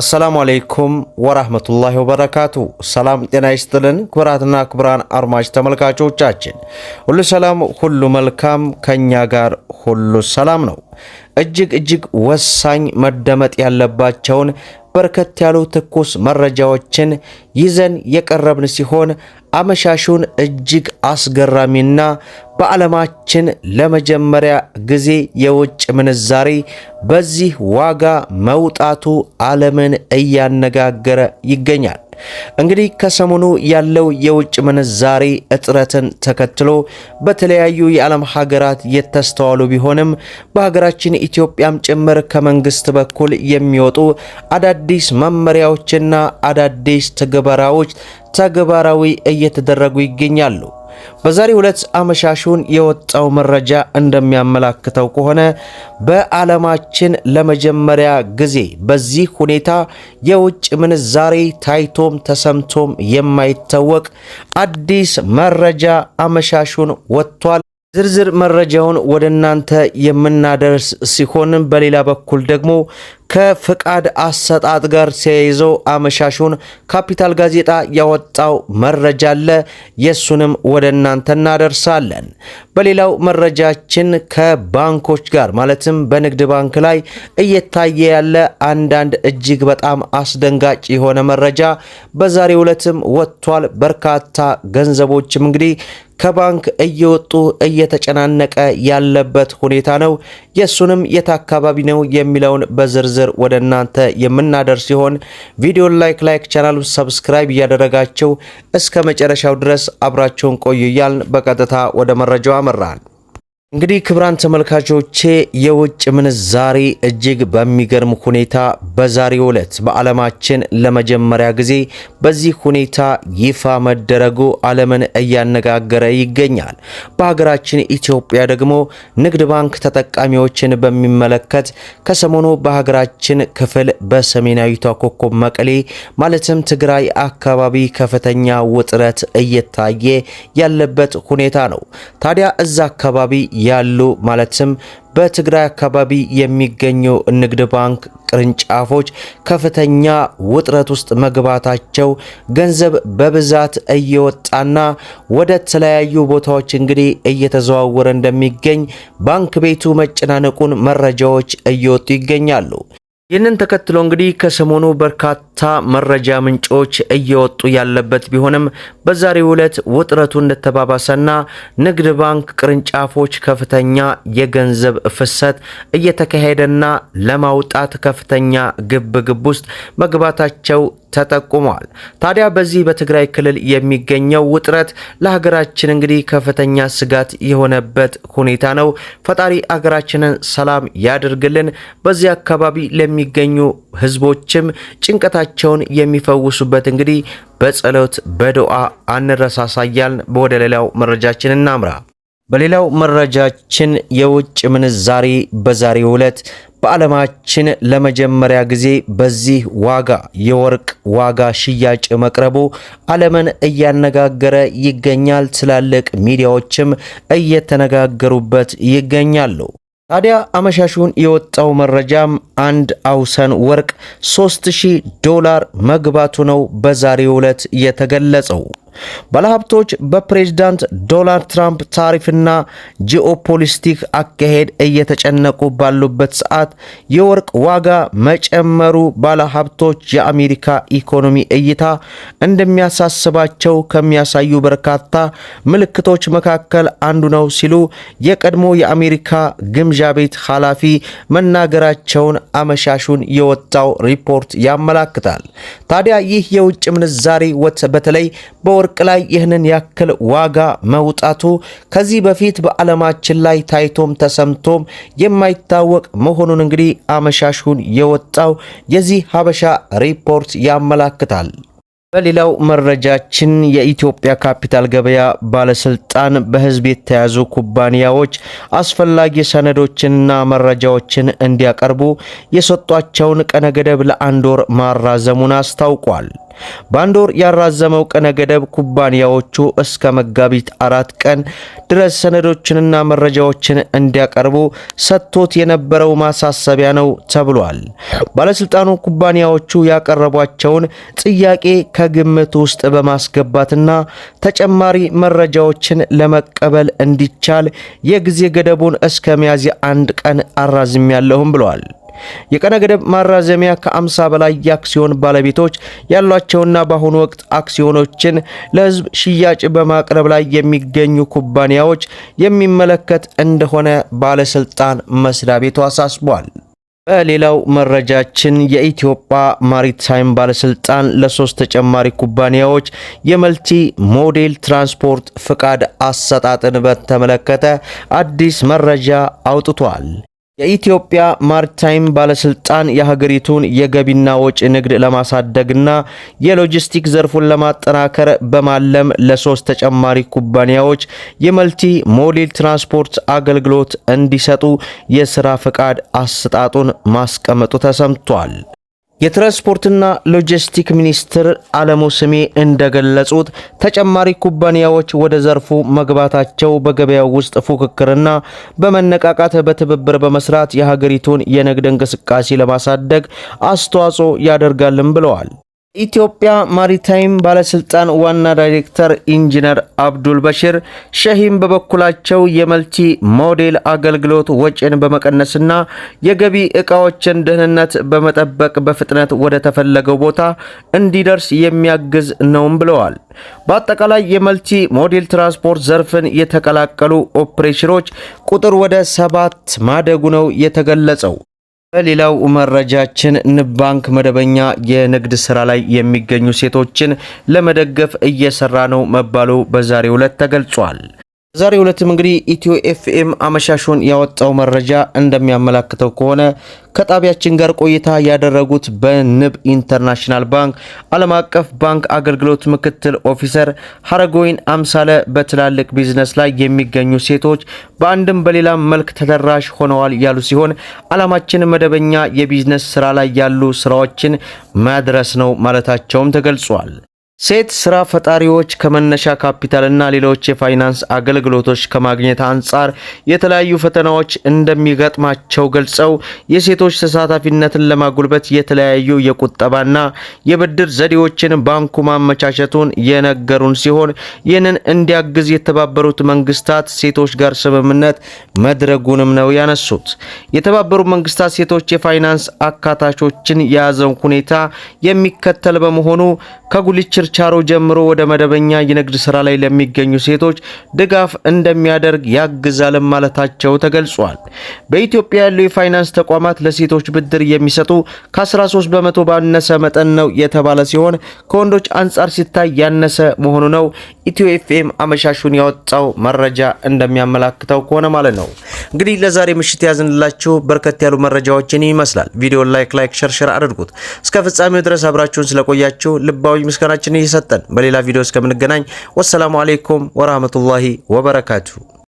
አሰላሙ አለይኩም ወራህመቱላሂ ወበረካቱ። ሰላም ጤና ይስጥልን። ክብራትና ክብራን አድማጭ ተመልካቾቻችን ሁሉ ሰላም፣ ሁሉ መልካም፣ ከኛ ጋር ሁሉ ሰላም ነው። እጅግ እጅግ ወሳኝ መደመጥ ያለባቸውን በርከት ያሉ ትኩስ መረጃዎችን ይዘን የቀረብን ሲሆን አመሻሹን እጅግ አስገራሚና በዓለማችን ለመጀመሪያ ጊዜ የውጭ ምንዛሪ በዚህ ዋጋ መውጣቱ ዓለምን እያነጋገረ ይገኛል። እንግዲህ ከሰሞኑ ያለው የውጭ ምንዛሬ እጥረትን ተከትሎ በተለያዩ የዓለም ሀገራት የተስተዋሉ ቢሆንም በሀገራችን ኢትዮጵያም ጭምር ከመንግስት በኩል የሚወጡ አዳዲስ መመሪያዎችና አዳዲስ ትግበራዎች ተግባራዊ እየተደረጉ ይገኛሉ። በዛሬ ሁለት አመሻሹን የወጣው መረጃ እንደሚያመላክተው ከሆነ በዓለማችን ለመጀመሪያ ጊዜ በዚህ ሁኔታ የውጭ ምንዛሬ ታይቶም ተሰምቶም የማይታወቅ አዲስ መረጃ አመሻሹን ወጥቷል። ዝርዝር መረጃውን ወደ እናንተ የምናደርስ ሲሆን በሌላ በኩል ደግሞ ከፍቃድ አሰጣጥ ጋር ተያይዞ አመሻሹን ካፒታል ጋዜጣ ያወጣው መረጃ አለ። የሱንም ወደ እናንተ እናደርሳለን። በሌላው መረጃችን ከባንኮች ጋር ማለትም በንግድ ባንክ ላይ እየታየ ያለ አንዳንድ እጅግ በጣም አስደንጋጭ የሆነ መረጃ በዛሬው ዕለትም ወጥቷል። በርካታ ገንዘቦችም እንግዲህ ከባንክ እየወጡ እየተጨናነቀ ያለበት ሁኔታ ነው። የሱንም የት አካባቢ ነው የሚለውን በዝርዝር ዝርዝር ወደ እናንተ የምናደርስ ሲሆን ቪዲዮን ላይክ ላይክ ቻናሉን ሰብስክራይብ እያደረጋቸው እስከ መጨረሻው ድረስ አብራቸውን ቆዩ እያልን በቀጥታ ወደ መረጃው አመራን። እንግዲህ ክብራን ተመልካቾቼ የውጭ ምንዛሬ እጅግ በሚገርም ሁኔታ በዛሬው ዕለት በዓለማችን ለመጀመሪያ ጊዜ በዚህ ሁኔታ ይፋ መደረጉ ዓለምን እያነጋገረ ይገኛል። በሀገራችን ኢትዮጵያ ደግሞ ንግድ ባንክ ተጠቃሚዎችን በሚመለከት ከሰሞኑ በሀገራችን ክፍል በሰሜናዊቷ ኮከብ መቀሌ ማለትም ትግራይ አካባቢ ከፍተኛ ውጥረት እየታየ ያለበት ሁኔታ ነው። ታዲያ እዛ አካባቢ ያሉ ማለትም በትግራይ አካባቢ የሚገኙ ንግድ ባንክ ቅርንጫፎች ከፍተኛ ውጥረት ውስጥ መግባታቸው ገንዘብ በብዛት እየወጣና ወደ ተለያዩ ቦታዎች እንግዲህ እየተዘዋወረ እንደሚገኝ ባንክ ቤቱ መጨናነቁን መረጃዎች እየወጡ ይገኛሉ። ይህንን ተከትሎ እንግዲህ ከሰሞኑ በርካታ መረጃ ምንጮች እየወጡ ያለበት ቢሆንም በዛሬው ዕለት ውጥረቱ እንደተባባሰና ንግድ ባንክ ቅርንጫፎች ከፍተኛ የገንዘብ ፍሰት እየተካሄደና ለማውጣት ከፍተኛ ግብግብ ውስጥ መግባታቸው ተጠቁመዋል። ታዲያ በዚህ በትግራይ ክልል የሚገኘው ውጥረት ለሀገራችን እንግዲህ ከፍተኛ ስጋት የሆነበት ሁኔታ ነው። ፈጣሪ ሀገራችንን ሰላም ያድርግልን። በዚህ አካባቢ ለሚ የሚገኙ ህዝቦችም ጭንቀታቸውን የሚፈውሱበት እንግዲህ በጸሎት በዱዓ አንረሳሳያል። ወደ ሌላው መረጃችን እናምራ። በሌላው መረጃችን የውጭ ምንዛሬ በዛሬው ዕለት በዓለማችን ለመጀመሪያ ጊዜ በዚህ ዋጋ የወርቅ ዋጋ ሽያጭ መቅረቡ ዓለምን እያነጋገረ ይገኛል። ትላልቅ ሚዲያዎችም እየተነጋገሩበት ይገኛሉ። ታዲያ አመሻሹን የወጣው መረጃም አንድ አውሰን ወርቅ 3000 ዶላር መግባቱ ነው በዛሬው ዕለት የተገለጸው። ባለሀብቶች በፕሬዝዳንት ዶናልድ ትራምፕ ታሪፍና ጂኦፖሊስቲክ አካሄድ እየተጨነቁ ባሉበት ሰዓት የወርቅ ዋጋ መጨመሩ ባለሀብቶች የአሜሪካ ኢኮኖሚ እይታ እንደሚያሳስባቸው ከሚያሳዩ በርካታ ምልክቶች መካከል አንዱ ነው ሲሉ የቀድሞ የአሜሪካ ግምዣ ቤት ኃላፊ መናገራቸውን አመሻሹን የወጣው ሪፖርት ያመላክታል። ታዲያ ይህ የውጭ ምንዛሬ ወት በተለይ በ ወርቅ ላይ ይህንን ያክል ዋጋ መውጣቱ ከዚህ በፊት በዓለማችን ላይ ታይቶም ተሰምቶም የማይታወቅ መሆኑን እንግዲህ አመሻሹን የወጣው የዚህ ሀበሻ ሪፖርት ያመላክታል። በሌላው መረጃችን የኢትዮጵያ ካፒታል ገበያ ባለስልጣን በህዝብ የተያዙ ኩባንያዎች አስፈላጊ ሰነዶችንና መረጃዎችን እንዲያቀርቡ የሰጧቸውን ቀነ ገደብ ለአንድ ወር ማራዘሙን አስታውቋል። በአንድ ወር ያራዘመው ቀነ ገደብ ኩባንያዎቹ እስከ መጋቢት አራት ቀን ድረስ ሰነዶችንና መረጃዎችን እንዲያቀርቡ ሰጥቶት የነበረው ማሳሰቢያ ነው ተብሏል። ባለስልጣኑ ኩባንያዎቹ ያቀረቧቸውን ጥያቄ ከግምት ውስጥ በማስገባትና ተጨማሪ መረጃዎችን ለመቀበል እንዲቻል የጊዜ ገደቡን እስከ ሚያዝያ አንድ ቀን አራዝሚያለሁም ብለዋል። የቀነ ገደብ ማራዘሚያ ከ50 በላይ የአክሲዮን ባለቤቶች ያሏቸውና በአሁኑ ወቅት አክሲዮኖችን ለሕዝብ ሽያጭ በማቅረብ ላይ የሚገኙ ኩባንያዎች የሚመለከት እንደሆነ ባለስልጣን መስሪያ ቤቱ አሳስቧል። በሌላው መረጃችን የኢትዮጵያ ማሪታይም ባለስልጣን ለሶስት ተጨማሪ ኩባንያዎች የመልቲ ሞዴል ትራንስፖርት ፍቃድ አሰጣጥን በተመለከተ አዲስ መረጃ አውጥቷል። የኢትዮጵያ ማርታይም ባለስልጣን የሀገሪቱን የገቢና ወጪ ንግድ ለማሳደግና የሎጂስቲክ ዘርፉን ለማጠናከር በማለም ለሶስት ተጨማሪ ኩባንያዎች የመልቲ ሞዴል ትራንስፖርት አገልግሎት እንዲሰጡ የስራ ፈቃድ አሰጣጡን ማስቀመጡ ተሰምቷል። የትራንስፖርትና ሎጂስቲክ ሚኒስትር አለሙ ስሜ እንደገለጹት ተጨማሪ ኩባንያዎች ወደ ዘርፉ መግባታቸው በገበያው ውስጥ ፉክክርና በመነቃቃት በትብብር በመስራት የሀገሪቱን የንግድ እንቅስቃሴ ለማሳደግ አስተዋጽኦ ያደርጋልም ብለዋል። ኢትዮጵያ ማሪታይም ባለስልጣን ዋና ዳይሬክተር ኢንጂነር አብዱል በሽር ሸሂም በበኩላቸው የመልቲ ሞዴል አገልግሎት ወጪን በመቀነስና የገቢ እቃዎችን ደህንነት በመጠበቅ በፍጥነት ወደ ተፈለገው ቦታ እንዲደርስ የሚያግዝ ነውም ብለዋል። በአጠቃላይ የመልቲ ሞዴል ትራንስፖርት ዘርፍን የተቀላቀሉ ኦፕሬሽኖች ቁጥር ወደ ሰባት ማደጉ ነው የተገለጸው። በሌላው መረጃችን ንብ ባንክ መደበኛ የንግድ ስራ ላይ የሚገኙ ሴቶችን ለመደገፍ እየሰራ ነው መባሉ በዛሬው ዕለት ተገልጿል። ዛሬ ሁለትም እንግዲህ ኢትዮ ኤፍኤም አመሻሹን ያወጣው መረጃ እንደሚያመላክተው ከሆነ ከጣቢያችን ጋር ቆይታ ያደረጉት በንብ ኢንተርናሽናል ባንክ ዓለም አቀፍ ባንክ አገልግሎት ምክትል ኦፊሰር ሀረጎይን አምሳለ በትላልቅ ቢዝነስ ላይ የሚገኙ ሴቶች በአንድም በሌላም መልክ ተደራሽ ሆነዋል ያሉ ሲሆን ዓላማችን መደበኛ የቢዝነስ ስራ ላይ ያሉ ስራዎችን ማድረስ ነው ማለታቸውም ተገልጿል። ሴት ስራ ፈጣሪዎች ከመነሻ ካፒታልና ሌሎች የፋይናንስ አገልግሎቶች ከማግኘት አንጻር የተለያዩ ፈተናዎች እንደሚገጥማቸው ገልጸው የሴቶች ተሳታፊነትን ለማጉልበት የተለያዩ የቁጠባና የብድር ዘዴዎችን ባንኩ ማመቻቸቱን የነገሩን ሲሆን ይህንን እንዲያግዝ የተባበሩት መንግስታት ሴቶች ጋር ስምምነት መድረጉንም ነው ያነሱት። የተባበሩት መንግስታት ሴቶች የፋይናንስ አካታቾችን የያዘው ሁኔታ የሚከተል በመሆኑ ከጉልችር ከችርቻሮ ጀምሮ ወደ መደበኛ የንግድ ስራ ላይ ለሚገኙ ሴቶች ድጋፍ እንደሚያደርግ ያግዛልም ማለታቸው ተገልጿል። በኢትዮጵያ ያሉ የፋይናንስ ተቋማት ለሴቶች ብድር የሚሰጡ ከ13 በመቶ ባነሰ መጠን ነው የተባለ ሲሆን ከወንዶች አንጻር ሲታይ ያነሰ መሆኑ ነው ኢትዮ ኤፍኤም አመሻሹን ያወጣው መረጃ እንደሚያመላክተው ከሆነ ማለት ነው። እንግዲህ ለዛሬ ምሽት ያዝንላችሁ በርከት ያሉ መረጃዎችን ይመስላል። ቪዲዮ ላይክ ላይክ ሸርሸር አድርጉት። እስከ ፍጻሜው ድረስ አብራችሁን ስለቆያችሁ ልባዊ ምስጋናችን እየሰጠን በሌላ ቪዲዮ እስከምንገናኝ ወሰላሙ አሌይኩም ወራህመቱላሂ ወበረካቱ።